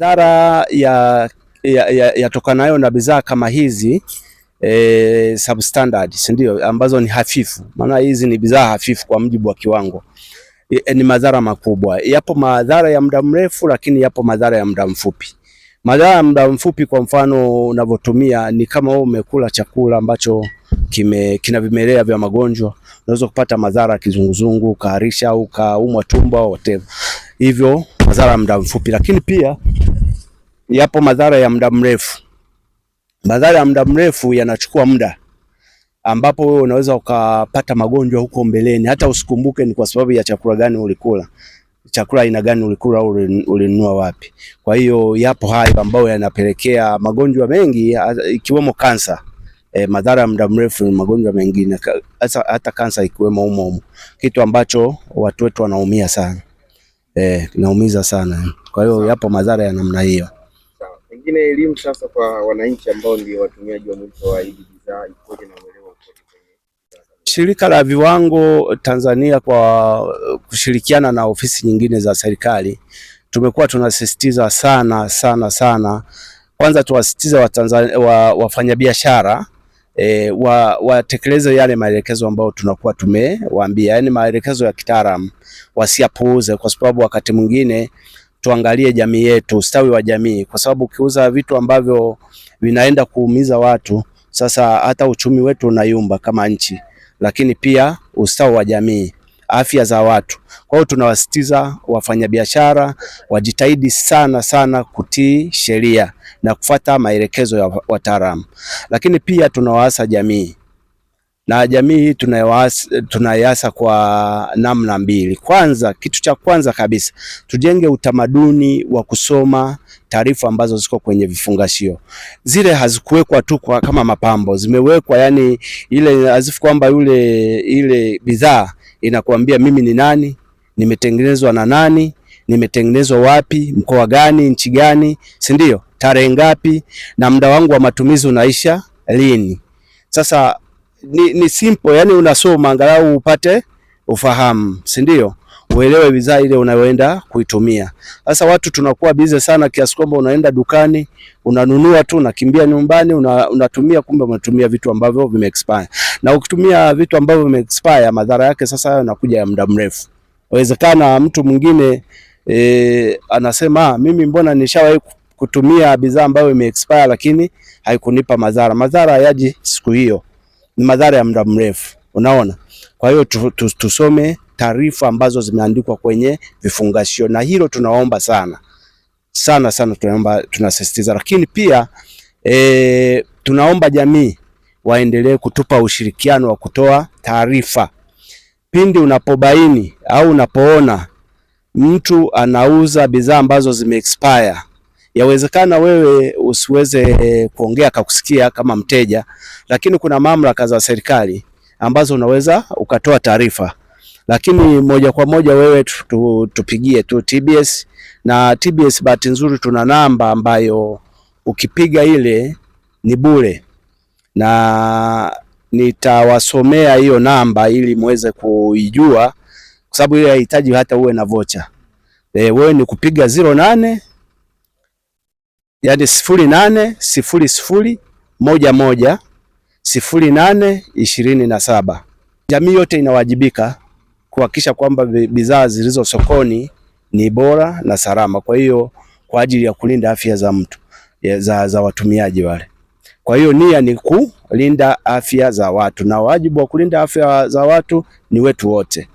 madhara ya yatokanayo ya, ya na bidhaa kama hizi e, substandard si ndio, ambazo ni hafifu. Maana hizi ni bidhaa hafifu kwa mujibu wa kiwango e, e, ni madhara makubwa. Yapo madhara ya muda mrefu, lakini yapo madhara ya muda mfupi. Madhara ya muda mfupi, kwa mfano, unavyotumia ni kama wewe umekula chakula ambacho kime, kina vimelea vya magonjwa, unaweza kupata madhara ya kizunguzungu, kaharisha au kaumwa tumbo au whatever. Hivyo madhara ya muda mfupi, lakini pia yapo madhara ya muda mrefu. Madhara ya muda mrefu yanachukua muda, ambapo wewe unaweza ukapata magonjwa huko mbeleni, hata usikumbuke ni kwa sababu ya chakula gani ulikula, chakula aina gani ulikula au ulinunua wapi. Kwa hiyo yapo hayo ambayo yanapelekea magonjwa mengi ikiwemo kansa. E, madhara ya muda mrefu ni magonjwa mengine hata, hata kansa ikiwemo humo humo, kitu ambacho watu wetu wanaumia sana. E, naumiza sana. Kwa hiyo yapo madhara ya namna hiyo. Pengine elimu sasa kwa wananchi ambao ndio watumiaji wa mwisho wa hii bidhaa ikoje na uelewa ukoje? Shirika la Viwango Tanzania kwa kushirikiana na ofisi nyingine za serikali tumekuwa tunasisitiza sana sana sana, kwanza tuwasisitiza wafanyabiashara wa E, wa watekeleze yale maelekezo ambayo tunakuwa tumewaambia, yaani maelekezo ya kitaalamu, wasiyapuuze, kwa sababu wakati mwingine tuangalie jamii yetu, ustawi wa jamii, kwa sababu ukiuza vitu ambavyo vinaenda kuumiza watu, sasa hata uchumi wetu unayumba kama nchi, lakini pia ustawi wa jamii, afya za watu. Kwa hiyo tunawasitiza wafanyabiashara wajitahidi sana sana kutii sheria na kufuata maelekezo ya wataalamu, lakini pia tunawaasa jamii na jamii hii tunaiasa kwa namna mbili. Kwanza, kitu cha kwanza kabisa tujenge utamaduni wa kusoma taarifa ambazo ziko kwenye vifungashio. Zile hazikuwekwa tu kwa kama mapambo, zimewekwa yani ile azifu kwamba yule ile bidhaa inakuambia mimi ni nani, nimetengenezwa na nani, nimetengenezwa wapi, mkoa gani, nchi gani, si ndio, tarehe ngapi, na muda wangu wa matumizi unaisha lini. Sasa ni, ni simple yani, unasoma angalau upate ufahamu, si ndio? Uelewe bidhaa ile unayoenda kuitumia. Sasa watu tunakuwa bize sana kiasi kwamba unaenda dukani unanunua tu, unakimbia nyumbani, una, unatumia kumbe unatumia vitu ambavyo vimeexpire, na ukitumia vitu ambavyo vimeexpire, madhara yake sasa yanakuja ya muda mrefu. Inawezekana mtu mwingine e, anasema ah, mimi mbona nishawahi kutumia bidhaa ambayo imeexpire, lakini haikunipa madhara. Madhara yaji siku hiyo ni madhara ya muda mrefu, unaona. Kwa hiyo tusome taarifa ambazo zimeandikwa kwenye vifungashio, na hilo tunaomba sana sana sana, tunaomba tunasisitiza. Lakini pia e, tunaomba jamii waendelee kutupa ushirikiano wa kutoa taarifa pindi unapobaini au unapoona mtu anauza bidhaa ambazo zime expire Yawezekana wewe usiweze eh, kuongea akakusikia kama mteja, lakini kuna mamlaka za serikali ambazo unaweza ukatoa taarifa, lakini moja kwa moja wewe tupigie tu TBS, na TBS bahati nzuri tuna namba ambayo ukipiga ile ni bure, na nitawasomea hiyo namba ili muweze kuijua, kwa sababu ile haihitaji hata uwe na vocha. E, wewe ni kupiga ziro nane yani sifuri nane sifuri sifuri moja moja sifuri nane ishirini na saba. Jamii yote inawajibika kuhakikisha kwamba bidhaa zilizo sokoni ni bora na salama, kwa hiyo kwa ajili ya kulinda afya za mtu za, za watumiaji wale. Kwa hiyo nia ni kulinda afya za watu na wajibu wa kulinda afya za watu ni wetu wote.